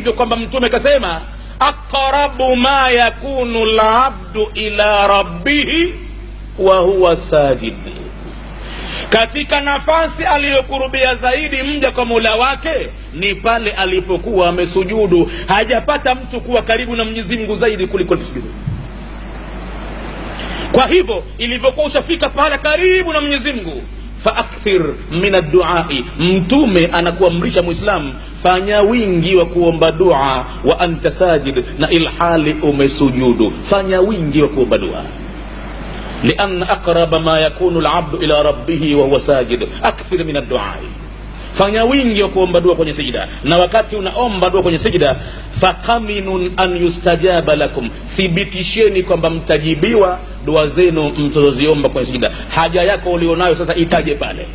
Hivyo kwamba Mtume kasema aqrabu ma yakunu labdu ila rabbihi wa huwa sajid, katika nafasi aliyokurubia zaidi mja kwa mola wake ni pale alipokuwa amesujudu. Hajapata mtu kuwa karibu na Mwenyezi Mungu zaidi kuliko alisujudu. Kwa hivyo ilivyokuwa ushafika pahala karibu na Mwenyezi Mungu faakthir min adduai, Mtume anakuamrisha Muislamu, fanya wingi wa kuomba dua, wa anta sajid, na ilhali umesujudu. Fanya wingi wa kuomba dua lianna aqraba ma yakunu alabdu ila rabbihi wa huwa sajid, akthir min adduai fanya wingi wa kuomba dua kwenye sijida, na wakati unaomba dua kwenye sijida, fakaminun an yustajaba lakum, thibitisheni kwamba mtajibiwa dua zenu mtazoziomba kwenye sijida. Haja yako ulionayo sasa itaje pale.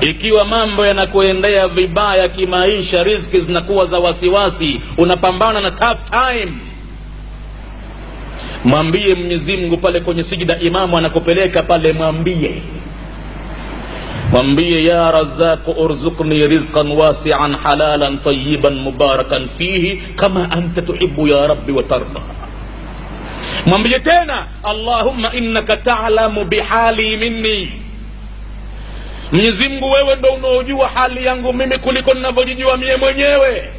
Ikiwa mambo yanakuendea vibaya kimaisha, riziki zinakuwa za wasiwasi, unapambana na tough time Mwambie Mwenyezi pale kwenye sijida, imamu anakupeleka pale, mwambie mwambie ya razaqu urzuqni rizqan wasian halalan tayiban mubarakan fihi kama anta tuhibu ya rabbi watarda mwambie tena allahumma innaka talamu bihali minni mwenyezi mungu wewe ndo unaojua hali yangu mimi kuliko ninavyojijua mie mwenyewe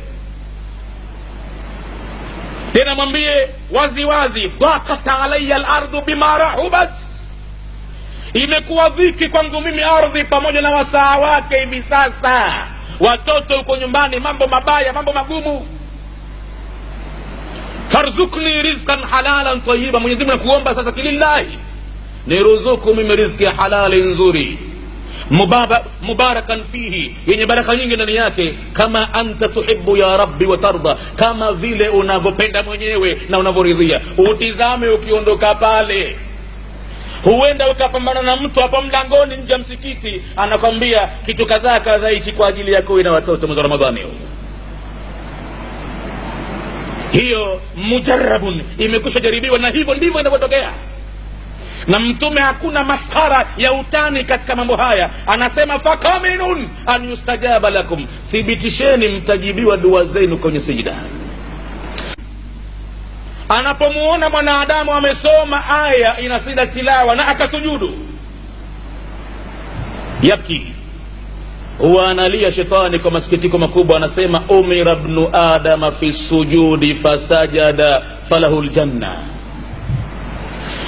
tena mwambie wazi wazi dhaqat alaya lardu bima rahubat Imekuwa dhiki kwangu mimi ardhi pamoja na wasaa wake. Hivi sasa watoto huko nyumbani, mambo mabaya, mambo magumu. Farzukni rizkan halalan tayiba, Mwenyezi nakuomba sasa, kilillahi niruzuku mimi rizki ya halali nzuri mubarakan fihi, yenye baraka nyingi ndani yake. Kama anta tuhibu ya rabbi watarda, kama vile unavyopenda mwenyewe na unavyoridhia. Utizame ukiondoka pale Huenda ukapambana na mtu hapo mlangoni nje ya msikiti, anakwambia kitu kadhaa kadhaa hichi kwa ajili ya kuwe na watoto mwezi wa Ramadhani. Hiyo mujarabun, imekwisha jaribiwa, na hivyo ndivyo inavyotokea. Na Mtume hakuna maskara ya utani katika mambo haya, anasema fakaminun an yustajaba lakum, thibitisheni mtajibiwa dua zenu kwenye sijida anapomuona mwanadamu amesoma aya inasida tilawa na akasujudu yabki huwa analia shetani kwa masikitiko makubwa anasema umira bnu adama fi sujudi fasajada falahu ljanna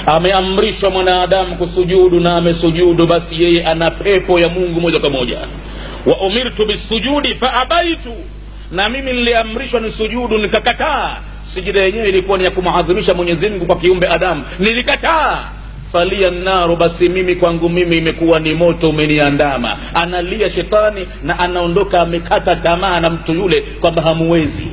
ameamrishwa mwanadamu kusujudu na amesujudu basi yeye ana pepo ya mungu moja kwa moja wa umirtu bisujudi faabaitu na mimi niliamrishwa ni sujudu nikakataa Sijida yenyewe ilikuwa ni ya kumwadhimisha Mwenyezi Mungu kwa kiumbe Adamu. Nilikataa falia naro, basi mimi kwangu mimi imekuwa ni moto umeniandama. Analia shetani na anaondoka amekata tamaa na mtu yule kwamba hamuwezi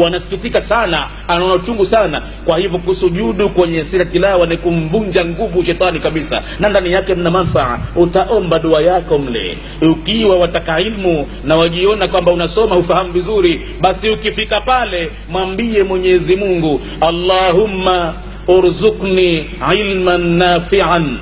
wanasikitika sana, anaona uchungu sana. Kwa hivyo kusujudu kwenye sira tilawa ni kumvunja nguvu shetani kabisa, na ndani yake mna manfaa. Utaomba dua yako mle, ukiwa wataka ilmu na wajiona kwamba unasoma ufahamu vizuri, basi ukifika pale mwambie Mwenyezi Mungu, Allahumma urzukni ilman nafian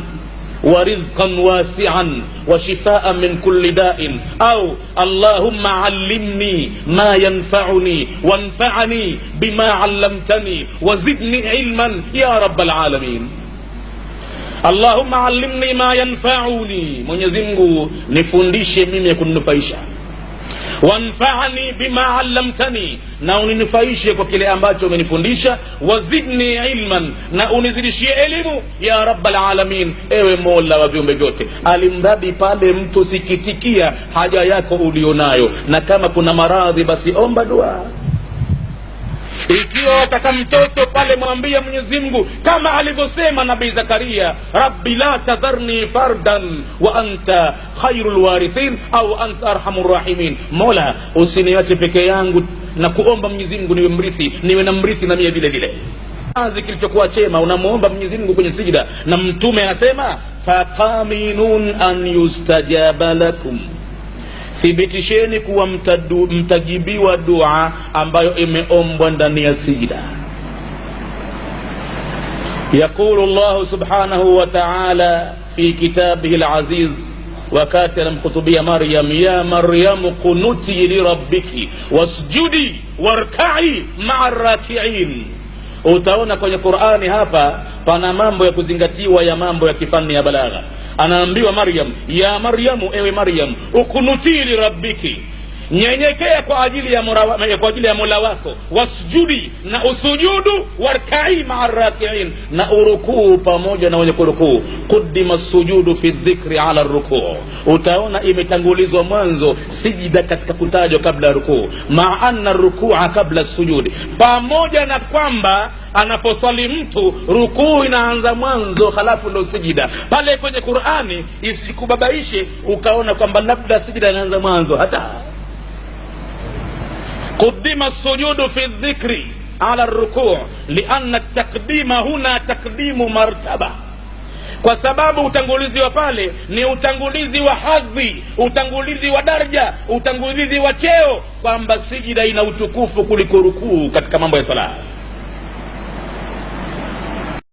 ورزقا واسعا وشفاء من كل داء أو اللهم علمني ما ينفعني وانفعني بما علمتني وزدني علما يا رب العالمين اللهم علمني ما ينفعني من Mungu nifundishe ميمي ya kuninufaisha. wanfani bima alamtani na uninufaishe kwa kile ambacho umenifundisha. Wazidni ilman, na unizidishie elimu ya rabbal lalamin ewe mola wa viumbe vyote. Alimradi pale mtu sikitikia haja yako ulionayo, na kama kuna maradhi basi omba dua ikiwa wataka mtoto pale, mwambie Mwenyezi Mungu kama alivyosema Nabii Zakaria, rabbi la tadharni fardan wa anta khairu lwarithin au anta arhamu rrahimin Mola usiniwache peke yangu na kuomba Mwenyezi Mungu niwe mrithi, niwe na mrithi na mie vile vile azi kilichokuwa chema unamwomba Mwenyezi Mungu kwenye sijida, na Mtume anasema fataminun an yustajaba lakum thibitisheni kuwa mtadu, mtajibiwa dua ambayo imeombwa ndani ya sijida. Yaqulu llahu subhanahu wa ta'ala fi kitabihi laziz wakati anamkhutubia Maryam, ya Maryamu kunuti lirabbiki wasjudi warkai maa rakiin. Utaona kwenye Qur'ani hapa pana mambo ya kuzingatiwa ya mambo ya kifani ya balagha anaambiwa Maryam, ya Maryamu, ewe Maryam, ukunuti li rabbiki nyenyekea kwa ajili ya mola, eh, kwa ajili ya mola wako, wasjudi na usujudu, warkai maa rakiin, na urukuu pamoja na wenye kurukuu. Qudima sujudu fi dhikri ala rukuu, utaona imetangulizwa mwanzo sijida katika kutajwa kabla ya rukuu, maa anna rukua kabla sujudi, pamoja na kwamba anaposwali mtu rukuu inaanza mwanzo, halafu ndo sijida. Pale kwenye Qurani isikubabaishe ukaona kwamba labda sijida inaanza mwanzo hata qudima السجود fi الذكر ala الركوع lianna التقديم huna تقديم martaba kwa sababu utangulizi wa pale ni utangulizi wa hadhi, utangulizi wa daraja, utangulizi wa cheo, kwamba sijida ina utukufu kuliko rukuu katika mambo ya salaha